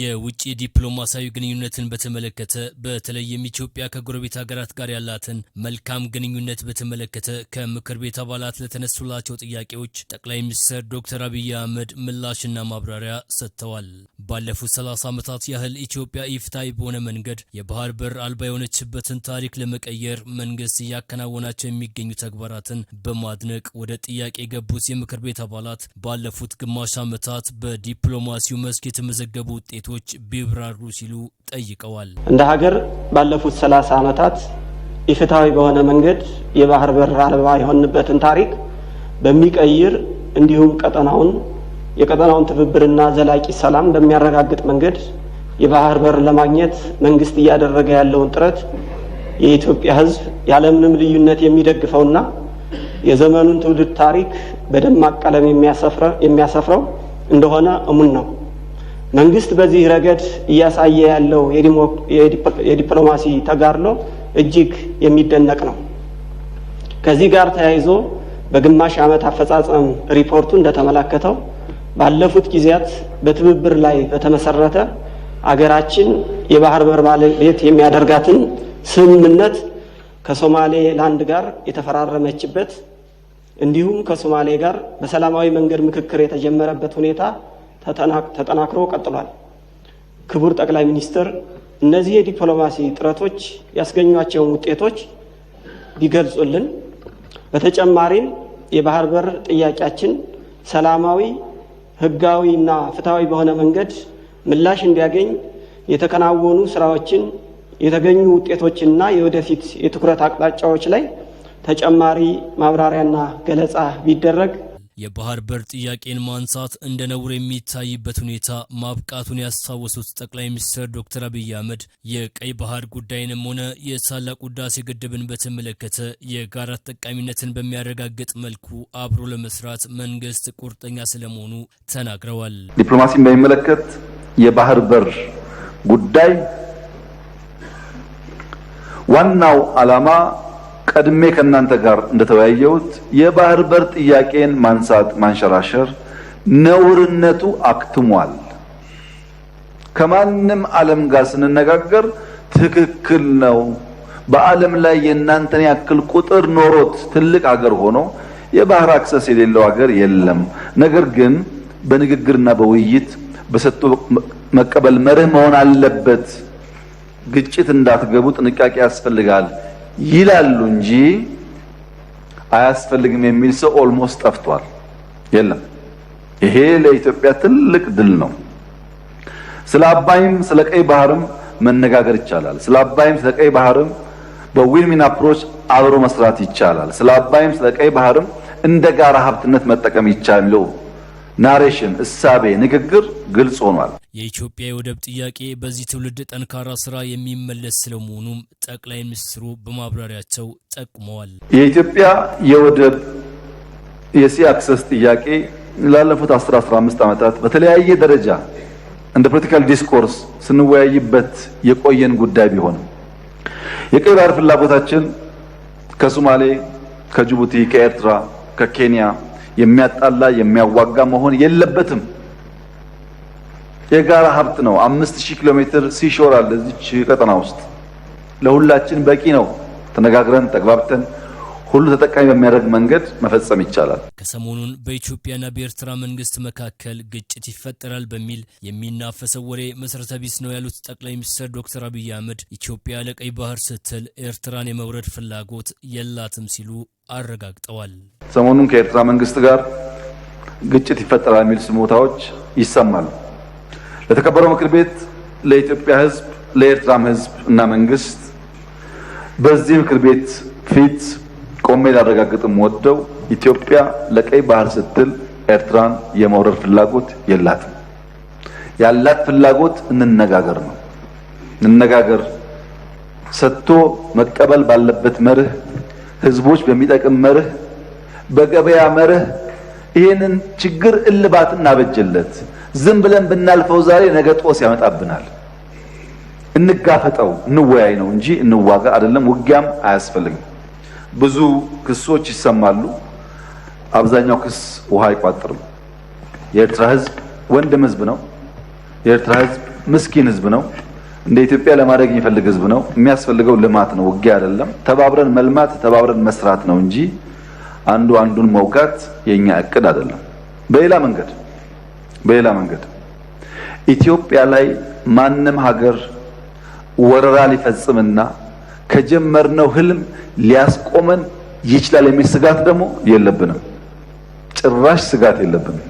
የውጭ ዲፕሎማሲያዊ ግንኙነትን በተመለከተ በተለይም ኢትዮጵያ ከጎረቤት ሀገራት ጋር ያላትን መልካም ግንኙነት በተመለከተ ከምክር ቤት አባላት ለተነሱላቸው ጥያቄዎች ጠቅላይ ሚኒስትር ዶክተር አብይ አህመድ ምላሽና ማብራሪያ ሰጥተዋል። ባለፉት 30 ዓመታት ያህል ኢትዮጵያ ኢፍትሐዊ በሆነ መንገድ የባህር በር አልባ የሆነችበትን ታሪክ ለመቀየር መንግስት እያከናወናቸው የሚገኙ ተግባራትን በማድነቅ ወደ ጥያቄ የገቡት የምክር ቤት አባላት ባለፉት ግማሽ ዓመታት በዲፕሎማሲው መስክ የተመዘገቡ ውጤቶች ቢብራሩ ሲሉ ጠይቀዋል። እንደ ሀገር ባለፉት ሰላሳ ዓመታት ኢፍትሐዊ በሆነ መንገድ የባህር በር አልባ የሆንበትን ታሪክ በሚቀይር እንዲሁም ቀጠናውን የቀጠናውን ትብብርና ዘላቂ ሰላም በሚያረጋግጥ መንገድ የባህር በር ለማግኘት መንግስት እያደረገ ያለውን ጥረት የኢትዮጵያ ሕዝብ ያለምንም ልዩነት የሚደግፈውና የዘመኑን ትውልድ ታሪክ በደማቅ ቀለም የሚያሰፍረው እንደሆነ እሙን ነው። መንግስት በዚህ ረገድ እያሳየ ያለው የዲፕሎማሲ ተጋድሎ እጅግ የሚደነቅ ነው። ከዚህ ጋር ተያይዞ በግማሽ ዓመት አፈጻጸም ሪፖርቱ እንደተመላከተው ባለፉት ጊዜያት በትብብር ላይ በተመሰረተ አገራችን የባህር በር ባለቤት የሚያደርጋትን ስምምነት ከሶማሌ ላንድ ጋር የተፈራረመችበት እንዲሁም ከሶማሌ ጋር በሰላማዊ መንገድ ምክክር የተጀመረበት ሁኔታ ተጠናክሮ ቀጥሏል። ክቡር ጠቅላይ ሚኒስትር፣ እነዚህ የዲፕሎማሲ ጥረቶች ያስገኟቸውን ውጤቶች ቢገልጹልን። በተጨማሪም የባህር በር ጥያቄያችን ሰላማዊ፣ ህጋዊ እና ፍትሐዊ በሆነ መንገድ ምላሽ እንዲያገኝ የተከናወኑ ስራዎችን፣ የተገኙ ውጤቶችና የወደፊት የትኩረት አቅጣጫዎች ላይ ተጨማሪ ማብራሪያና ገለጻ ቢደረግ የባህር በር ጥያቄን ማንሳት እንደ ነውር የሚታይበት ሁኔታ ማብቃቱን ያስታወሱት ጠቅላይ ሚኒስትር ዶክተር አብይ አህመድ የቀይ ባህር ጉዳይንም ሆነ የታላቁ ህዳሴ ግድብን በተመለከተ የጋራ ተጠቃሚነትን በሚያረጋግጥ መልኩ አብሮ ለመስራት መንግስት ቁርጠኛ ስለመሆኑ ተናግረዋል። ዲፕሎማሲን በሚመለከት የባህር በር ጉዳይ ዋናው ዓላማ ቀድሜ ከእናንተ ጋር እንደተወያየሁት የባህር በር ጥያቄን ማንሳት ማንሸራሸር ነውርነቱ አክትሟል። ከማንም ዓለም ጋር ስንነጋገር ትክክል ነው። በዓለም ላይ የእናንተን ያክል ቁጥር ኖሮት ትልቅ አገር ሆኖ የባህር አክሰስ የሌለው አገር የለም። ነገር ግን በንግግርና በውይይት በሰጥቶ መቀበል መርህ መሆን አለበት። ግጭት እንዳትገቡ ጥንቃቄ ያስፈልጋል። ይላሉ እንጂ አያስፈልግም የሚል ሰው ኦልሞስት ጠፍቷል። የለም። ይሄ ለኢትዮጵያ ትልቅ ድል ነው። ስለ አባይም ስለ ቀይ ባህርም መነጋገር ይቻላል። ስለ አባይም ስለ ቀይ ባህርም በዊንዊን አፕሮች አብሮ መስራት ይቻላል። ስለ አባይም ስለ ቀይ ባህርም እንደ ጋራ ሀብትነት መጠቀም ይቻላል። ናሬሽን፣ እሳቤ፣ ንግግር ግልጽ ሆኗል። የኢትዮጵያ የወደብ ጥያቄ በዚህ ትውልድ ጠንካራ ስራ የሚመለስ ስለመሆኑም ጠቅላይ ሚኒስትሩ በማብራሪያቸው ጠቁመዋል። የኢትዮጵያ የወደብ የሲ አክሰስ ጥያቄ ላለፉት 115 ዓመታት በተለያየ ደረጃ እንደ ፖለቲካል ዲስኮርስ ስንወያይበት የቆየን ጉዳይ ቢሆንም የቀይ ባህር ፍላጎታችን ከሶማሌ፣ ከጅቡቲ፣ ከኤርትራ፣ ከኬንያ የሚያጣላ የሚያዋጋ መሆን የለበትም። የጋራ ሀብት ነው። አምስት ሺህ ኪሎ ሜትር ሲሾር አለ እዚች ቀጠና ውስጥ ለሁላችን በቂ ነው። ተነጋግረን ተግባብተን ሁሉ ተጠቃሚ በሚያደርግ መንገድ መፈጸም ይቻላል። ከሰሞኑን በኢትዮጵያና በኤርትራ መንግስት መካከል ግጭት ይፈጠራል በሚል የሚናፈሰው ወሬ መሰረተ ቢስ ነው ያሉት ጠቅላይ ሚኒስትር ዶክተር አብይ አህመድ ኢትዮጵያ ለቀይ ባህር ስትል ኤርትራን የመውረድ ፍላጎት የላትም ሲሉ አረጋግጠዋል። ሰሞኑን ከኤርትራ መንግስት ጋር ግጭት ይፈጠራል የሚል ስሞታዎች ይሰማሉ። ለተከበረው ምክር ቤት፣ ለኢትዮጵያ ህዝብ ለኤርትራም ህዝብ እና መንግስት በዚህ ምክር ቤት ፊት ቆሜ ላረጋግጥም ወደው ኢትዮጵያ ለቀይ ባህር ስትል ኤርትራን የመውረር ፍላጎት የላትም። ያላት ፍላጎት እንነጋገር ነው። እንነጋገር ሰጥቶ መቀበል ባለበት መርህ ህዝቦች በሚጠቅም መርህ፣ በገበያ መርህ ይህንን ችግር እልባት እናበጀለት። ዝም ብለን ብናልፈው ዛሬ ነገ ጦስ ያመጣብናል። እንጋፈጠው፣ እንወያይ ነው እንጂ እንዋጋ አይደለም። ውጊያም አያስፈልግም። ብዙ ክሶች ይሰማሉ። አብዛኛው ክስ ውሃ አይቋጥርም። የኤርትራ ህዝብ ወንድም ህዝብ ነው። የኤርትራ ህዝብ ምስኪን ህዝብ ነው። እንደ ኢትዮጵያ ለማድረግ የሚፈልግ ህዝብ ነው። የሚያስፈልገው ልማት ነው፣ ውጊያ አይደለም። ተባብረን መልማት፣ ተባብረን መስራት ነው እንጂ አንዱ አንዱን መውጋት የኛ እቅድ አይደለም። በሌላ መንገድ በሌላ መንገድ ኢትዮጵያ ላይ ማንም ሀገር ወረራ ሊፈጽምና ከጀመርነው ህልም ሊያስቆመን ይችላል የሚል ስጋት ደግሞ የለብንም። ጭራሽ ስጋት የለብንም።